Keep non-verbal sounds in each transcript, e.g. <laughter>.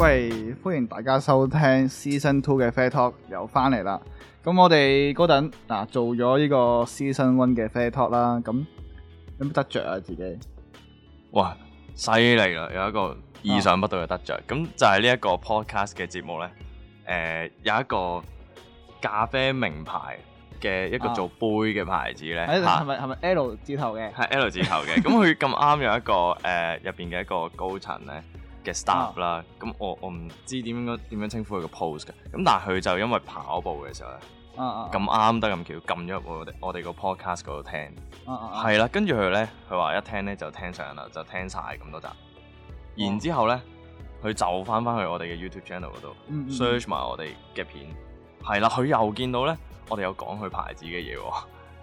喂，歡迎大家收聽 Season Two 嘅 Fair Talk 又翻嚟啦。咁我哋嗰陣嗱做咗呢個 Season One 嘅 Fair Talk 啦，咁有冇得着啊自己？哇，犀利啦，有一個意想不到嘅得着。咁、啊、就係呢一個 Podcast 嘅節目咧，誒、呃、有一個咖啡名牌嘅一個做杯嘅牌子咧吓，係咪係咪 L 字頭嘅？係 L 字頭嘅。咁佢咁啱有一個誒入邊嘅一個高層咧。嘅 staff、uh -huh. 啦，咁我我唔知點樣點樣稱呼佢個 pose 嘅，咁但係佢就因為跑步嘅時候咧，咁啱得咁巧撳咗入我哋我哋個 podcast 嗰度聽，係、uh -huh. 啦，跟住佢咧，佢話一聽咧就聽上啦，就聽晒咁多集，然之後咧，佢、uh -huh. 就翻翻去我哋嘅 YouTube channel 嗰度 search 埋我哋嘅片，係啦，佢又見到咧，我哋有講佢牌子嘅嘢，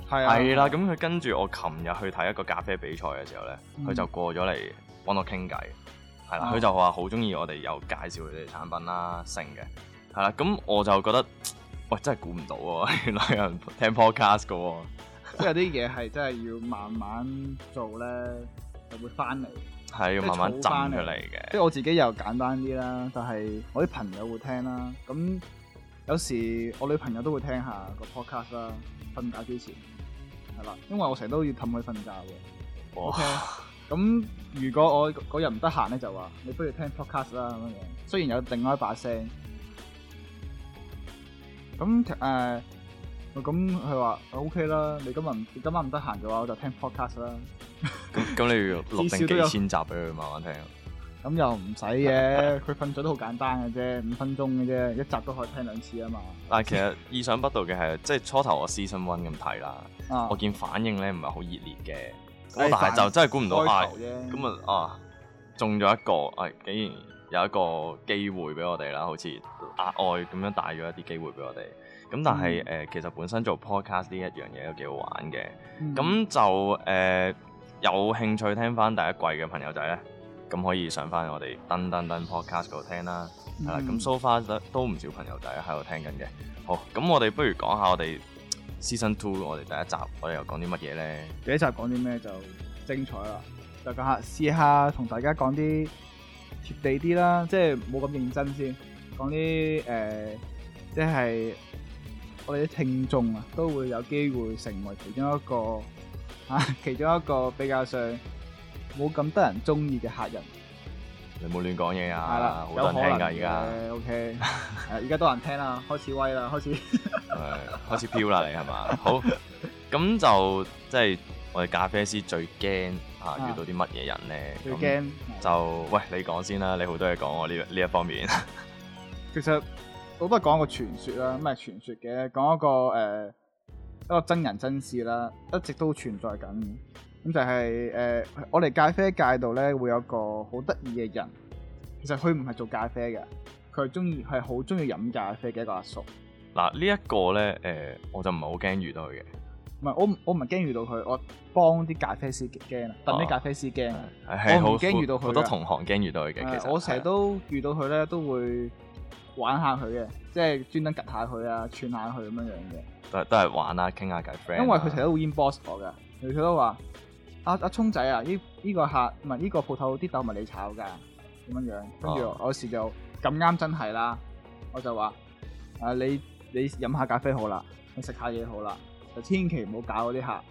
係、uh -huh. 啦，咁佢跟住我琴日去睇一個咖啡比賽嘅時候咧，佢、uh -huh. 就過咗嚟揾我傾偈。係啦、啊，佢就話好中意我哋有介紹佢哋產品啦、啊，性嘅係啦，咁、啊、我就覺得喂真係估唔到、啊，原來有人聽 podcast 噶、啊，即係有啲嘢係真係要慢慢做咧，就會翻嚟，係、啊、要慢慢賺出嚟嘅。即係我自己又簡單啲啦，但、就、係、是、我啲朋友會聽啦，咁有時我女朋友都會聽下個 podcast 啦，瞓覺之前係啦、啊，因為我成日都要氹佢瞓覺嘅。O K，咁。如果我嗰日唔得閒咧，就話你不如聽 podcast 啦咁樣。雖然有另外一把聲，咁誒，咁佢話 OK 啦。你今日今晚唔得閒嘅話，我就聽 podcast 啦。咁咁你要錄定幾千集俾佢慢慢聽？咁 <laughs> 又唔使嘅，佢瞓咗都好簡單嘅啫，五分鐘嘅啫，一集都可以聽兩次啊嘛。但係其實意想不到嘅係，即係初頭我 season one 咁睇啦，我見反應咧唔係好熱烈嘅。欸、但係、哎，就真係估唔到啊！咁啊，啊中咗一個，哎、啊，竟然有一個機會俾我哋啦，好似額外咁樣帶咗一啲機會俾我哋。咁但係，誒、嗯呃，其實本身做 podcast 呢一樣嘢都幾好玩嘅。咁、嗯、就誒、呃，有興趣聽翻第一季嘅朋友仔咧，咁可以上翻我哋登登登 podcast 度聽啦。係啦，咁、嗯、so far 都唔少朋友仔喺度聽緊嘅。好，咁我哋不如講下我哋。Season Two，我哋第一集我哋又講啲乜嘢咧？第一集講啲咩就精彩啦！就試一下試一下大家試下同大家講啲貼地啲啦，即係冇咁認真先，講啲、呃、即係我哋啲聽眾啊，都會有機會成為其中一個、啊、其中一個比較上冇咁得人中意嘅客人。你冇亂講嘢啊！好多人聽㗎而家。OK，而家多人聽啦， <laughs> 開始威啦，開始。 <laughs> 開始飄啦，你係嘛？好，咁就即係、就是、我哋咖啡師最驚啊，啊！遇到啲乜嘢人咧？最驚。就、嗯、喂，你講先啦，你好多嘢講喎呢、呢一方面。 <laughs> 其實我都係講一個傳説啦，唔係傳説嘅，講一個誒、呃、一個真人真事啦，一直都存在緊。咁就係、是、誒、呃，我哋咖啡界度咧，會有個好得意嘅人，其實佢唔係做咖啡嘅，佢係中意係好中意飲咖啡嘅一個阿叔個。嗱，呢一個咧誒，我就唔係好驚遇到佢嘅。唔係我我唔係驚遇到佢，我幫啲咖啡師驚啊，等啲咖啡師驚啊、哦，我唔驚遇到佢，好多同行驚遇到佢嘅。其實我成日都遇到佢咧，都會玩下佢嘅，即係專登趌下佢啊，串下佢咁樣樣嘅。都都係玩啦，傾下偈 friend。因為佢成日都會 inbox 我嘅，佢成日都話。阿阿聰仔啊，呢、這、依個客唔係呢個鋪頭啲豆咪你炒㗎，點樣樣？跟住我時就咁啱、oh. 真係啦，我就話：啊你你飲下咖啡好啦，你食下嘢好啦，就千祈唔好搞嗰啲客。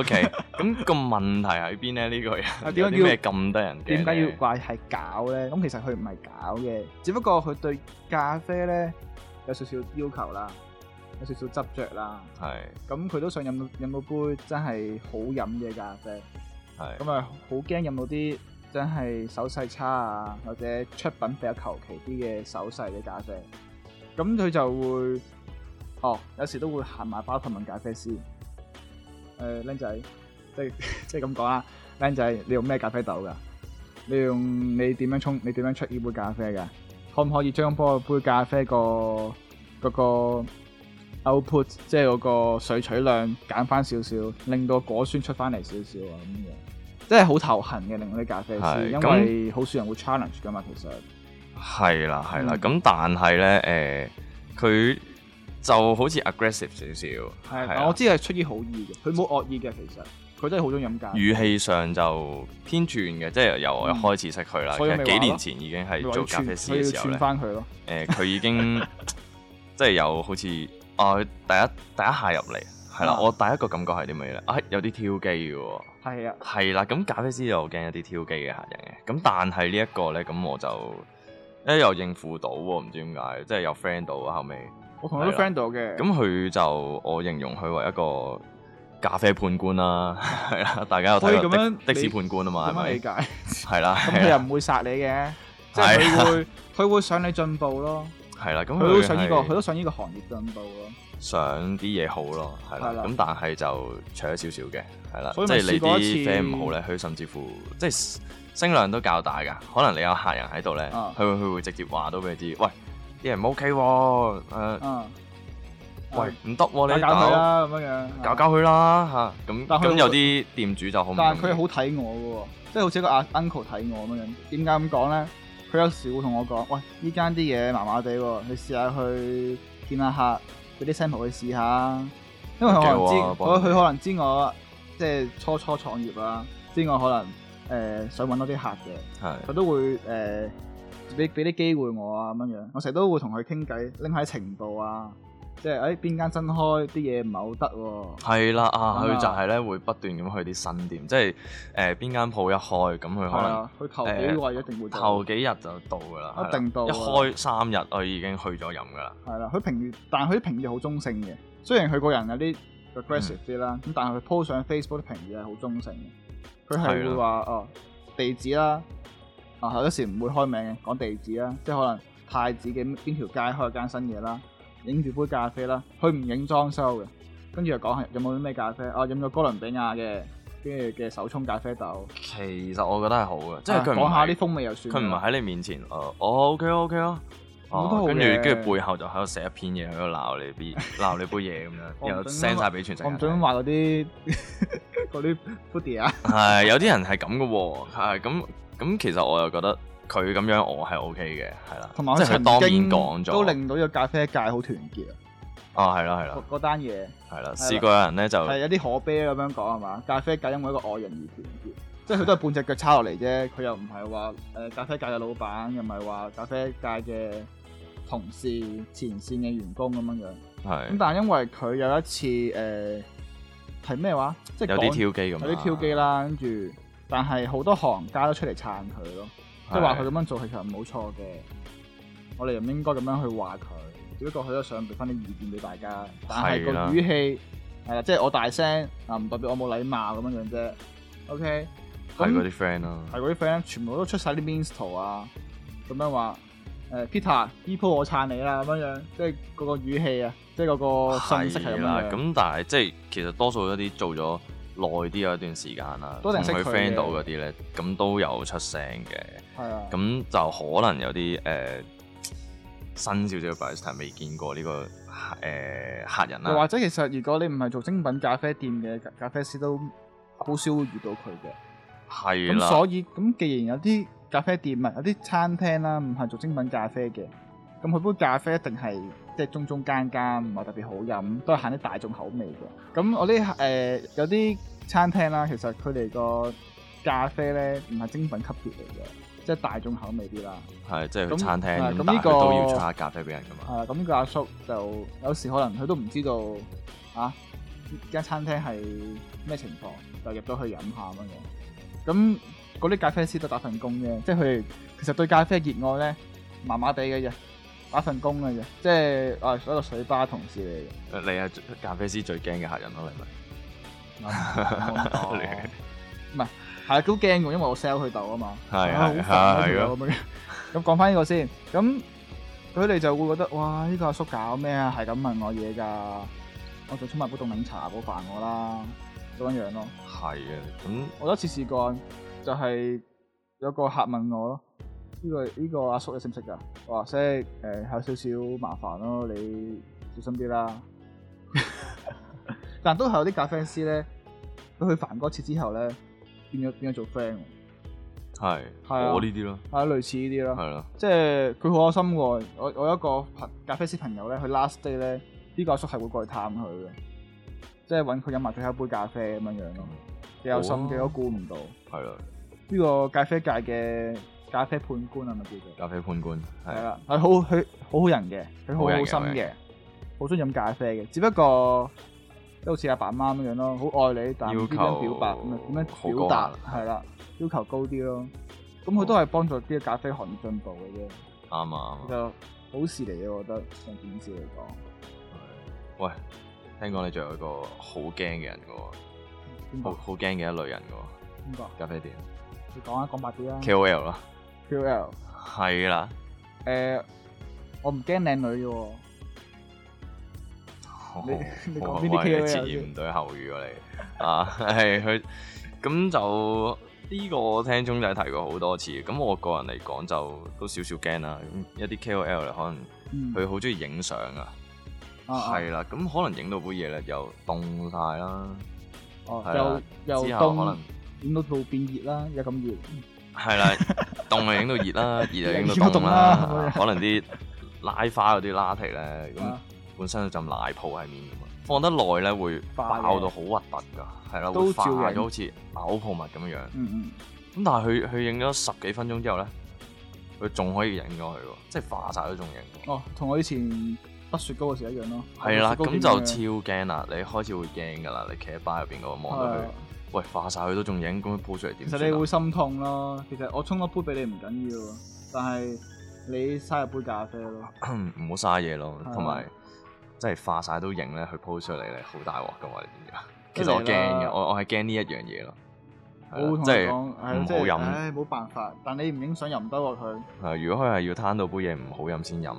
OK，咁個問題喺邊咧？ <laughs> <laughs> <laughs> 麼 <laughs> 呢個人點解要咁多人？點解要話係搞咧？咁其實佢唔係搞嘅，只不過佢對咖啡咧有少少要求啦。有少少執著啦，咁佢都想飲到飲到杯真係好飲嘅咖啡，咁啊好驚飲到啲真係手勢差啊，或者出品比較求其啲嘅手勢嘅咖啡。咁佢就會哦，有時都會行埋包頭問咖啡師，誒靚仔，即即係咁講啦，靚仔你用咩咖啡豆噶？你用你點樣沖？你點樣出呢杯咖啡嘅？可唔可以將嗰杯咖啡個嗰個？output 即係嗰個水取量減翻少少，令到果酸出翻嚟少少啊！咁樣即係好頭痕嘅，令我啲咖啡師，因為好少人會 challenge 噶嘛。其實係啦，係啦。咁、嗯、但係咧，誒、呃，佢就好似 aggressive 少少。係，我知係出於好意嘅，佢冇惡意嘅。其實佢真係好中意飲咖啡。語氣上就偏轉嘅，即係由我開始識佢啦。所以咪話咯，幾年前已經係做咖啡師嘅時候咧。要勸翻佢咯。誒、呃，佢已經 <laughs> 即係有好似。啊！第一第一下入嚟，係啦、啊，我第一個感覺係啲咩咧？哎，有啲挑機嘅喎。係啊。係啦，咁咖啡師又驚有啲挑機嘅客人嘅。咁但係呢一個咧，咁我就一、欸、又應付到，唔知點解，即係有 friend 到啊，後尾。我同佢都 friend 到嘅。咁佢就我形容佢為一個咖啡判官啦，係、啊、 <laughs> 啦，大家有睇以咁樣的，的士判官啊嘛，係咪？理解。係啦，咁佢又唔會殺你嘅，即係佢會，佢 <laughs> 會想你進步咯。係啦，咁佢都想呢、這個，佢都想呢個行業進步咯，想啲嘢好咯，係啦，咁但係就除咗少少嘅，係啦，即係你啲嘢唔好咧，佢甚至乎即係聲量都較大噶，可能你有客人喺度咧，佢、啊、佢會,會直接話到俾你知，喂，啲人唔 O K 喎，誒，喂，唔、啊、得、啊 uh,，你搞佢啦咁樣，搞搞佢啦吓，咁、uh, 咁、uh, 啊 uh, 有啲店主就好，但係佢好睇我喎，即係好似個阿 uncle 睇我咁樣，點解咁講咧？佢有時會同我講，喂，依間啲嘢麻麻地喎，你試下去見下客，俾啲 sample 去試下。因為我可能知，佢可能知我、嗯、即係初初創業啦，知我可能誒、呃、想揾多啲客嘅，佢都會誒俾俾啲機會我啊噉樣。我成日都會同佢傾偈，拎下情報啊。即係，哎、欸，邊間新開啲嘢唔係好得喎？係啦，啊，佢、啊啊、就係咧會不斷咁去啲新店，啊、即係誒邊間鋪一開，咁佢可能佢頭幾位、呃、一定會頭幾日就到噶啦、啊，一定到一開三日佢已經去咗飲噶啦。係啦、啊，佢評語，但係佢啲評語好中性嘅，雖然佢個人有啲 aggressive 啲、嗯、啦，咁但係佢 post 上 Facebook 啲評語係好中性嘅，佢係會話、啊、哦地址啦，啊有時唔會開名嘅，講地址啦，即係可能太子嘅邊條街開間新嘢啦。影住杯咖啡啦，佢唔影裝修嘅，跟住又講係有冇啲咩咖啡？哦、啊，飲咗哥倫比亞嘅，跟住嘅手沖咖啡豆。其實我覺得係好嘅、啊，即係佢講下啲風味就算。佢唔係喺你面前，哦、uh, 我 OK OK 咯、uh,。跟住跟住背後就喺度寫一篇嘢喺度鬧你啲，鬧 <laughs> 你杯嘢咁樣，又 send 晒俾全世界我說。我唔想話嗰啲嗰啲 foodie 啊。係有啲人係咁嘅喎，係咁咁，其實我又覺得。佢咁樣我係 O K 嘅，係啦，即係佢當然講咗，都令到依個咖啡界好團結啊！啊，係啦，係啦，嗰單嘢係啦，試過有人咧就係有啲可悲咁樣講係嘛？咖啡界因為一個外人而團結，即係佢都係半隻腳叉落嚟啫。佢又唔係話誒咖啡界嘅老闆，又唔係話咖啡界嘅同事、前線嘅員工咁樣樣。係咁，但係因為佢有一次誒係咩話，即係有啲跳機咁，有啲跳機啦。跟住，但係好多行家都出嚟撐佢咯。即係話佢咁樣做係其實冇錯嘅，我哋又唔應該咁樣去話佢，只不過佢都想俾翻啲意見俾大家。但係個語氣係啦，即係、呃就係、我大聲不我、okay? 啊，唔代表我冇禮貌咁樣樣啫。OK，係嗰啲 friend 咯，係嗰啲 friend 全部都出晒啲 meme 圖啊，咁樣話誒、呃、Peter，呢鋪我撐你啦咁樣樣，即係嗰個語氣啊，即係嗰個信息係咁樣。咁但係即係其實多數一啲做咗。耐啲有一段時間啦，同佢 friend 到嗰啲咧，咁都有出聲嘅。係啊，咁就可能有啲、呃、新少少 barista 未見過呢、呢個、呃、客人啦。或者其實如果你唔係做精品咖啡店嘅咖啡師，都好少會遇到佢嘅。係啦，所以咁既然有啲咖啡店啊，有啲餐廳啦，唔係做精品咖啡嘅，咁佢杯咖啡一定係。即係中中間間，唔係特別好飲，都係行啲大眾口味嘅。咁我啲誒有啲餐廳啦，其實佢哋個咖啡咧唔係精品級別嚟嘅，即係大眾口味啲啦。係，即係餐廳咁，但係都要出下咖啡俾人㗎嘛。係啊，咁個阿叔就有時可能佢都唔知道啊，而家餐廳係咩情況，就入到去飲下咁樣。咁嗰啲咖啡師都打份工嘅，即係佢其實對咖啡熱愛咧，麻麻地嘅啫。打份工嘅啫，即係啊，一個水吧同事嚟嘅。你係咖啡師最驚嘅客人咯，係咪？唔 <laughs> 係，係都驚嘅，因為我 sell 佢豆啊嘛。係啊，係咯。咁講翻呢個先，咁佢哋就會覺得哇，呢個阿叔搞咩啊？係咁問我嘢㗎，我再沖埋杯凍檸茶，好煩我啦，咁樣咯。係啊，咁我多次試過，就係有個客問我。呢、這個呢阿、這個、叔你識唔識噶？哇，識誒、呃、有少少麻煩咯，你小心啲啦。 <laughs> <laughs> 但都係有啲咖啡師咧，佢煩嗰次之後咧，變咗變咗做 friend。係。係啊。呢啲咯。係啊，類似呢啲咯。係啦、啊。即係佢好有心喎！我我有一個朋咖啡師朋友咧，佢 last day 咧，呢、這個阿叔係會過去探佢嘅，即係揾佢飲埋最後一杯咖啡咁樣樣咯，比較心機，我估唔到。係啦、啊。呢、這個咖啡界嘅。咖啡判官啊，咪叫做？咖啡判官係啦，係好，佢好好人嘅，佢好好，好有心嘅，好中意飲咖啡嘅。只不過都好似阿爸阿媽咁樣咯，好愛你，但係唔知點表白，唔係點樣表達，係啦、啊，要求高啲咯。咁、哦、佢都係幫助啲咖啡行業進步嘅啫。啱啊，就好事嚟嘅，我覺得用電視嚟講。喂，聽講你仲有一個好驚嘅人喎，好好驚嘅一類人喎，邊個咖啡店。你講啊，講白啲啊 K O L 啦。K O L 係啦，誒、uh，我唔驚靚女嘅，你你講 B B K O L 前言對後語啊你啊係佢咁就呢、這個我聽鍾仔提過好多次，咁我個人嚟講就都少少驚、嗯啊、啦。一啲 K O L 咧可能佢好中意影相啊，係啦，咁可能影到杯嘢咧又凍晒 <laughs> 是啦，哦又又可能。影到部變熱啦，又咁熱，係啦。凍咪影到熱啦，熱 <laughs> 就影到凍啦。 <laughs> 可能啲拉花嗰啲拉提咧，咁 <laughs> 本身就浸奶泡喺面嘅嘛，放得耐咧會爆到好核突噶，係啦，都化咗好似咬泡沫咁樣樣。咁、嗯嗯、但係佢佢影咗十幾分鐘之後咧，佢仲可以影到佢喎，即係化晒都仲影。哦，同我以前拍雪糕嗰時候一樣咯。係啦，咁就超驚啦、啊，你開始會驚噶啦，你企喺吧入邊嗰個望到佢。喂，化晒佢都仲影，咁樣 po 出嚟點？其實你會心痛咯。其實我沖一杯俾你唔緊要，但係你嘥一杯咖啡咯，唔好嘥嘢咯。同埋即係化晒都影咧，佢 po 出嚟咧好大鑊噶嘛？你知唔知啊？其實我驚嘅，我我係驚呢一樣嘢咯。好即係唔好飲。冇、哎哎哎、辦法。但你唔影相又唔得落佢。係，如果佢係要攤到杯嘢唔好飲先飲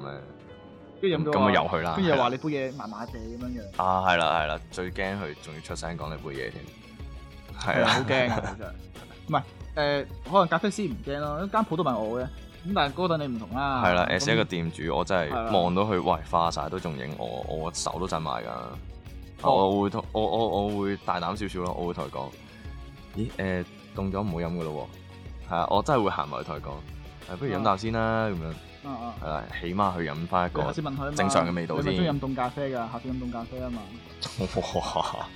咧，咁咪、啊、又去啦。跟住又話你杯嘢麻麻地咁樣樣、啊。啊，係啦係啦，最驚佢仲要出聲講你杯嘢添。係 <laughs> 啊，好驚唔係誒，可能咖啡師唔驚咯，間鋪都唔係我嘅。咁但係嗰陣你唔同啦。係啦，S 一個店主，我真係望到佢，喂，化晒都仲影我，我手都震埋㗎、哦。我會同我我我會大膽少少咯，我會同佢講：咦誒，凍咗唔好飲㗎咯。係啊，我真係會行埋去同佢講：不如飲啖先啦，咁、啊、樣。嗯係啦、嗯，起碼去飲翻一個正常嘅味道先。中意飲凍咖啡㗎，下次飲凍咖啡啊嘛。哇！ <laughs>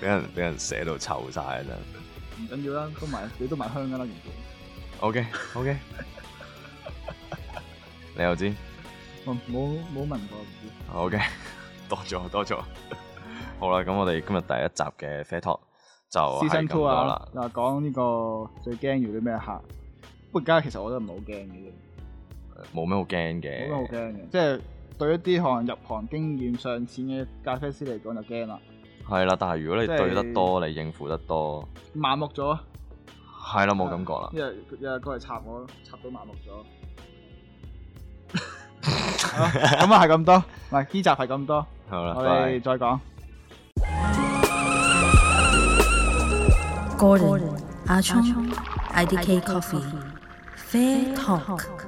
俾 <laughs> 人俾人寫到臭晒啊！真唔緊要啦，都埋你都埋香噶啦，原本。O K O K，你又知？我冇冇問過唔知。OK，多咗多咗。 <laughs> 好啦，咁我哋今日第一集嘅啡托就開緊咗啦。嗱、啊，講、就、呢、是、個最驚要啲咩客？不過而家其實我都唔係好驚嘅。冇咩好驚嘅，冇咩好驚嘅，即係對一啲可能入行經驗尚淺嘅咖啡師嚟講就驚啦。係啦，但係如果你對得多，就是，你應付得多，麻木咗。係啦，冇感覺啦。日日過嚟插我，插到麻木咗。咁 <laughs> 啊好吧，係 <laughs> 咁多，唔係呢集係咁多。好啦，我哋再講。Gordon 阿聰 IDK Coffee, IDK Coffee Fair Talk。